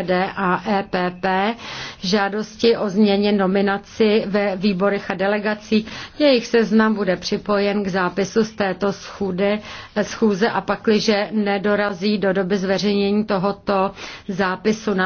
SPD a EPP žádosti o změně nominaci ve výborech a delegacích. Jejich seznam bude připojen k zápisu z této schůde, schůze a pakliže nedorazí do doby zveřejnění tohoto zápisu na